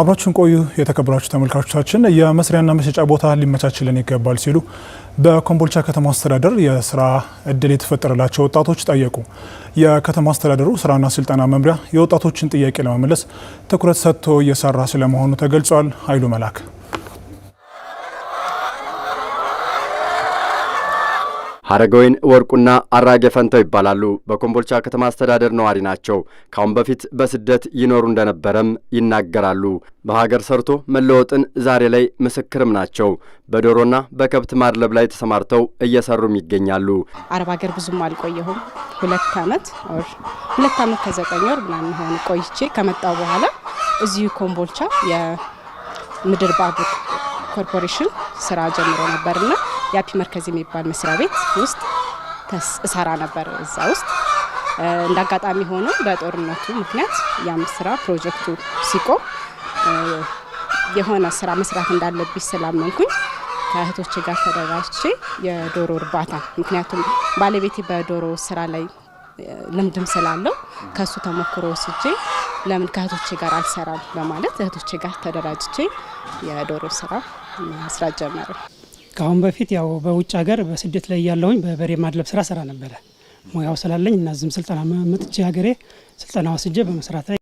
አብራችን ቆዩ። የተከበራችሁ ተመልካቾቻችን የመስሪያና መሸጫ ቦታ ሊመቻችልን ይገባል ሲሉ በኮምቦልቻ ከተማ አስተዳደር የስራ እድል የተፈጠረላቸው ወጣቶች ጠየቁ። የከተማ አስተዳደሩ ስራና ስልጠና መምሪያ የወጣቶችን ጥያቄ ለመመለስ ትኩረት ሰጥቶ እየሰራ ስለመሆኑ ተገልጿል። ኃይሉ መላክ ሀረገወይን ወርቁና አራጌ ፈንተው ይባላሉ። በኮምቦልቻ ከተማ አስተዳደር ነዋሪ ናቸው። ካሁን በፊት በስደት ይኖሩ እንደነበረም ይናገራሉ። በሀገር ሰርቶ መለወጥን ዛሬ ላይ ምስክርም ናቸው። በዶሮና በከብት ማድለብ ላይ ተሰማርተው እየሰሩም ይገኛሉ። አረብ ሀገር ብዙም አልቆየሁም። ሁለት ዓመት ሁለት ዓመት ከዘጠኝ ወር ምናምን ሆን ቆይቼ ከመጣው በኋላ እዚሁ ኮምቦልቻ የምድር ባቡር ኮርፖሬሽን ስራ ጀምሮ ነበርና የአፒ መርከዝ የሚባል መስሪያ ቤት ውስጥ እሰራ ነበር። እዛ ውስጥ እንዳጋጣሚ ሆኖ በጦርነቱ ምክንያት ያም ስራ ፕሮጀክቱ ሲቆም የሆነ ስራ መስራት እንዳለብኝ ስላመንኩኝ ከእህቶች ጋር ተደራጅቼ የዶሮ እርባታ ምክንያቱም ባለቤቴ በዶሮ ስራ ላይ ልምድም ስላለው ከእሱ ተሞክሮ ወስጄ ለምን ከእህቶቼ ጋር አልሰራም በማለት እህቶቼ ጋር ተደራጅቼ የዶሮ ስራ መስራት ጀመረ። ከአሁን በፊት ያው በውጭ ሀገር በስደት ላይ ያለሁኝ በበሬ ማድለብ ስራ ስራ ነበረ። ሙያው ስላለኝ እናዝም ስልጠና መጥቼ ሀገሬ ስልጠና ወስጄ በመስራት ላይ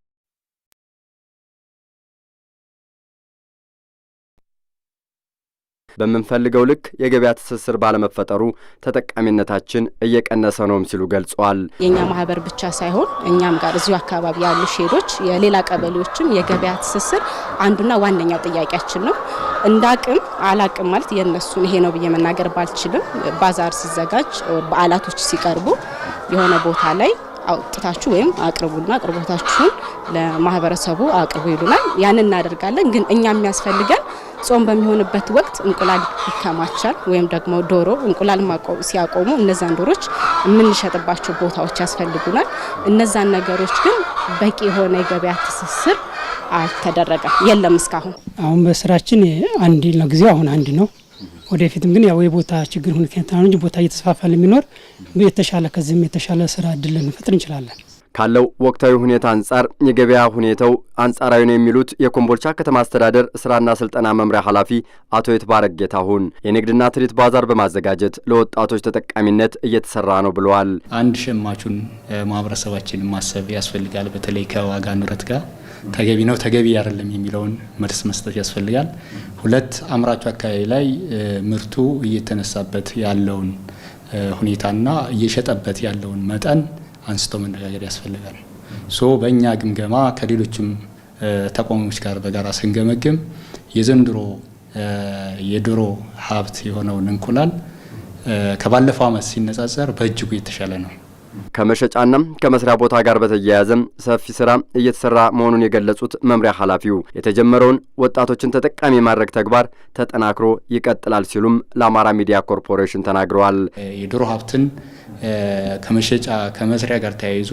በምንፈልገው ልክ የገበያ ትስስር ባለመፈጠሩ ተጠቃሚነታችን እየቀነሰ ነውም ሲሉ ገልጸዋል። የእኛ ማህበር ብቻ ሳይሆን እኛም ጋር እዚሁ አካባቢ ያሉ ሼዶች፣ የሌላ ቀበሌዎችም የገበያ ትስስር አንዱና ዋነኛው ጥያቄያችን ነው። እንደ አቅም አላቅም ማለት የእነሱን ይሄ ነው ብዬ መናገር ባልችልም፣ ባዛር ሲዘጋጅ፣ በዓላቶች ሲቀርቡ የሆነ ቦታ ላይ አውጥታችሁ ወይም አቅርቡና አቅርቦታችሁን ለማህበረሰቡ አቅርቡ ይሉናል። ያን እናደርጋለን። ግን እኛ የሚያስፈልገን ጾም በሚሆንበት ወቅት እንቁላል ይከማቻል፣ ወይም ደግሞ ዶሮ እንቁላል ሲያቆሙ እነዛን ዶሮች የምንሸጥባቸው ቦታዎች ያስፈልጉናል። እነዛን ነገሮች ግን በቂ የሆነ የገበያ ትስስር አልተደረገም፣ የለም እስካሁን። አሁን በስራችን አንድ ለጊዜው አሁን አንድ ነው። ወደፊትም ግን ያው የቦታ ችግር ሁኔታ እንጂ ቦታ እየተስፋፋ ለሚኖር የተሻለ ከዚህም የተሻለ ስራ እድል ልንፈጥር እንችላለን። ካለው ወቅታዊ ሁኔታ አንጻር የገበያ ሁኔታው አንጻራዊ ነው የሚሉት የኮምቦልቻ ከተማ አስተዳደር ስራና ስልጠና መምሪያ ኃላፊ አቶ የትባረክ ጌታሁን የንግድና ትርኢት ባዛር በማዘጋጀት ለወጣቶች ተጠቃሚነት እየተሰራ ነው ብለዋል። አንድ ሸማቹን ማህበረሰባችን ማሰብ ያስፈልጋል። በተለይ ከዋጋ ንረት ጋር ተገቢ ነው ተገቢ አይደለም የሚለውን መልስ መስጠት ያስፈልጋል። ሁለት አምራቹ አካባቢ ላይ ምርቱ እየተነሳበት ያለውን ሁኔታና እየሸጠበት ያለውን መጠን አንስቶ መነጋገር ያስፈልጋል። ሶ በእኛ ግምገማ ከሌሎችም ተቋሞች ጋር በጋራ ስንገመግም የዘንድሮ የዶሮ ሀብት የሆነውን እንቁላል ከባለፈው ዓመት ሲነጻጸር በእጅጉ የተሻለ ነው። ከመሸጫና ከመስሪያ ቦታ ጋር በተያያዘ ሰፊ ስራ እየተሰራ መሆኑን የገለጹት መምሪያ ኃላፊው የተጀመረውን ወጣቶችን ተጠቃሚ የማድረግ ተግባር ተጠናክሮ ይቀጥላል ሲሉም ለአማራ ሚዲያ ኮርፖሬሽን ተናግረዋል። የድሮ ሀብትን ከመሸጫ ከመስሪያ ጋር ተያይዞ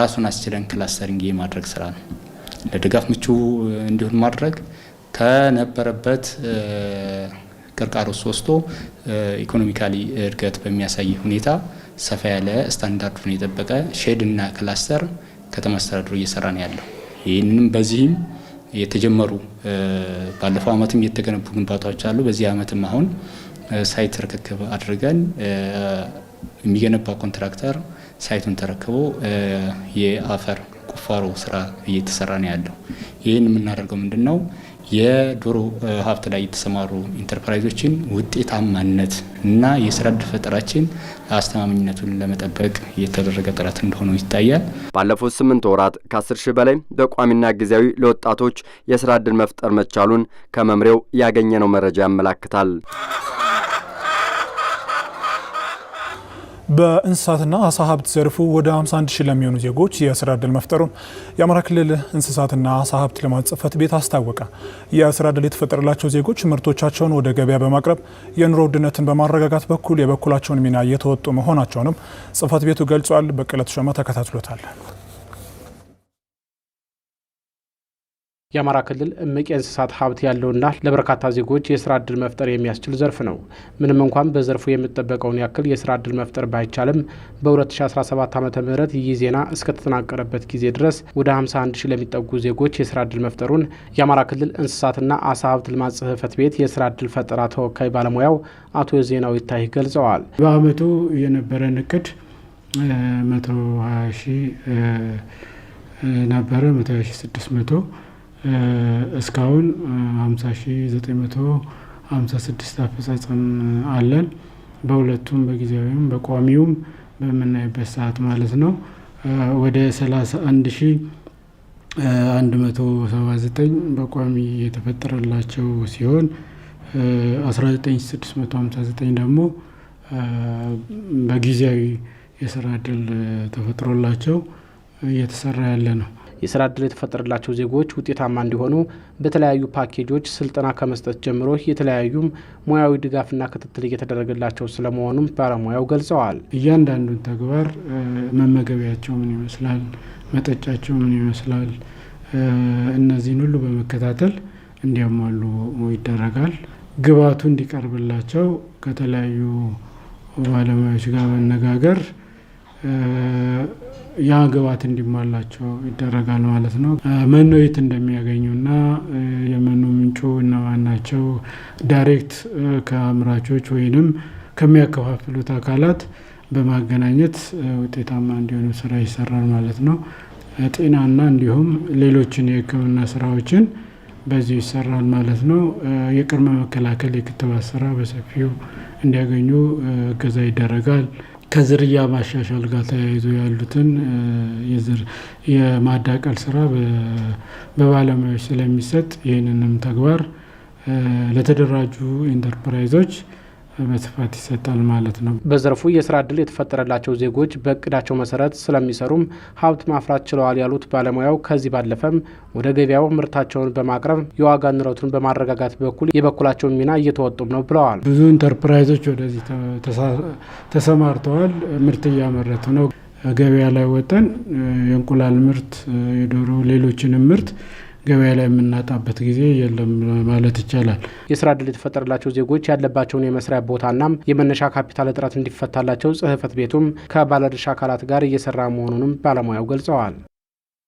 ራሱን አስችለን ክላስተሪንግ የማድረግ ስራ ነው። ለድጋፍ ምቹ እንዲሆን ማድረግ ከነበረበት ቅርቃሮስ ወስቶ ኢኮኖሚካሊ እድገት በሚያሳይ ሁኔታ ሰፋ ያለ ስታንዳርዱን የጠበቀ ሼድ እና ክላስተር ከተማ አስተዳደሩ እየሰራ ነው ያለው። ይህንም በዚህም የተጀመሩ ባለፈው ዓመትም የተገነቡ ግንባታዎች አሉ። በዚህ አመትም አሁን ሳይት ርክክብ አድርገን የሚገነባ ኮንትራክተር ሳይቱን ተረክቦ የአፈር ቁፋሮ ስራ እየተሰራ ነው ያለው። ይህን የምናደርገው ምንድን ነው? የዶሮ ሀብት ላይ የተሰማሩ ኢንተርፕራይዞችን ውጤታማነት እና የስራ እድል ፈጠራችን አስተማማኝነቱን ለመጠበቅ የተደረገ ጥረት እንደሆነ ይታያል። ባለፉት ስምንት ወራት ከአስር ሺህ በላይ በቋሚና ጊዜያዊ ለወጣቶች የስራ እድል መፍጠር መቻሉን ከመምሪያው ያገኘነው መረጃ ያመላክታል። በእንስሳትና አሳ ሀብት ዘርፉ ወደ 51 ሺህ ለሚሆኑ ዜጎች የስራ ዕድል መፍጠሩን የአማራ ክልል እንስሳትና አሳ ሀብት ልማት ቤት አስታወቀ። የስራ ዕድል የተፈጠረላቸው ዜጎች ምርቶቻቸውን ወደ ገበያ በማቅረብ የኑሮ ውድነትን በማረጋጋት በኩል የበኩላቸውን ሚና እየተወጡ መሆናቸውንም ጽፈት ቤቱ ገልጿል። በቅለት ሸማ ተከታትሎታል። የአማራ ክልል እምቅ የእንስሳት ሀብት ያለውና ለበርካታ ዜጎች የስራ እድል መፍጠር የሚያስችል ዘርፍ ነው። ምንም እንኳን በዘርፉ የሚጠበቀውን ያክል የስራ እድል መፍጠር ባይቻልም በ2017 ዓ ም ይህ ዜና እስከተጠናቀረበት ጊዜ ድረስ ወደ 51 ሺህ ለሚጠጉ ዜጎች የስራ እድል መፍጠሩን የአማራ ክልል እንስሳትና አሳ ሀብት ልማት ጽህፈት ቤት የስራ እድል ፈጠራ ተወካይ ባለሙያው አቶ ዜናው ይታይ ገልጸዋል። በአመቱ የነበረን እቅድ 120 ሺህ ነበረ 120 600 እስካሁን 50956 አፈጻጸም አለን። በሁለቱም በጊዜያዊም በቋሚውም በምናይበት ሰዓት ማለት ነው ወደ 31179 በቋሚ የተፈጠረላቸው ሲሆን 19659 ደግሞ በጊዜያዊ የስራ እድል ተፈጥሮላቸው እየተሰራ ያለ ነው። የስራ እድል የተፈጠረላቸው ዜጎች ውጤታማ እንዲሆኑ በተለያዩ ፓኬጆች ስልጠና ከመስጠት ጀምሮ የተለያዩም ሙያዊ ድጋፍና ክትትል እየተደረገላቸው ስለመሆኑም ባለሙያው ገልጸዋል። እያንዳንዱን ተግባር መመገቢያቸው ምን ይመስላል፣ መጠጫቸው ምን ይመስላል፣ እነዚህን ሁሉ በመከታተል እንዲያሟሉ ይደረጋል። ግባቱ እንዲቀርብላቸው ከተለያዩ ባለሙያዎች ጋር መነጋገር ያ ግባት እንዲሟላቸው ይደረጋል ማለት ነው። መኖ የት እንደሚያገኙና የመኖ ምንጩ እነማን ናቸው፣ ዳይሬክት ከአምራቾች ወይንም ከሚያከፋፍሉት አካላት በማገናኘት ውጤታማ እንዲሆኑ ስራ ይሰራል ማለት ነው። ጤናና እንዲሁም ሌሎችን የሕክምና ስራዎችን በዚሁ ይሰራል ማለት ነው። የቅድመ መከላከል የክትባት ስራ በሰፊው እንዲያገኙ እገዛ ይደረጋል። ከዝርያ ማሻሻል ጋር ተያይዞ ያሉትን የማዳቀል ስራ በባለሙያዎች ስለሚሰጥ ይህንንም ተግባር ለተደራጁ ኢንተርፕራይዞች በስፋት ይሰጣል ማለት ነው። በዘርፉ የስራ እድል የተፈጠረላቸው ዜጎች በእቅዳቸው መሰረት ስለሚሰሩም ሀብት ማፍራት ችለዋል ያሉት ባለሙያው ከዚህ ባለፈም ወደ ገበያው ምርታቸውን በማቅረብ የዋጋ ንረቱን በማረጋጋት በኩል የበኩላቸውን ሚና እየተወጡም ነው ብለዋል። ብዙ ኢንተርፕራይዞች ወደዚህ ተሰማርተዋል። ምርት እያመረቱ ነው። ገበያ ላይ ወጠን የእንቁላል ምርት፣ የዶሮ ሌሎችንም ምርት ገበያ ላይ የምናጣበት ጊዜ የለም ማለት ይቻላል። የስራ እድል የተፈጠረላቸው ዜጎች ያለባቸውን የመስሪያ ቦታና የመነሻ ካፒታል እጥረት እንዲፈታላቸው ጽህፈት ቤቱም ከባለድርሻ አካላት ጋር እየሰራ መሆኑንም ባለሙያው ገልጸዋል።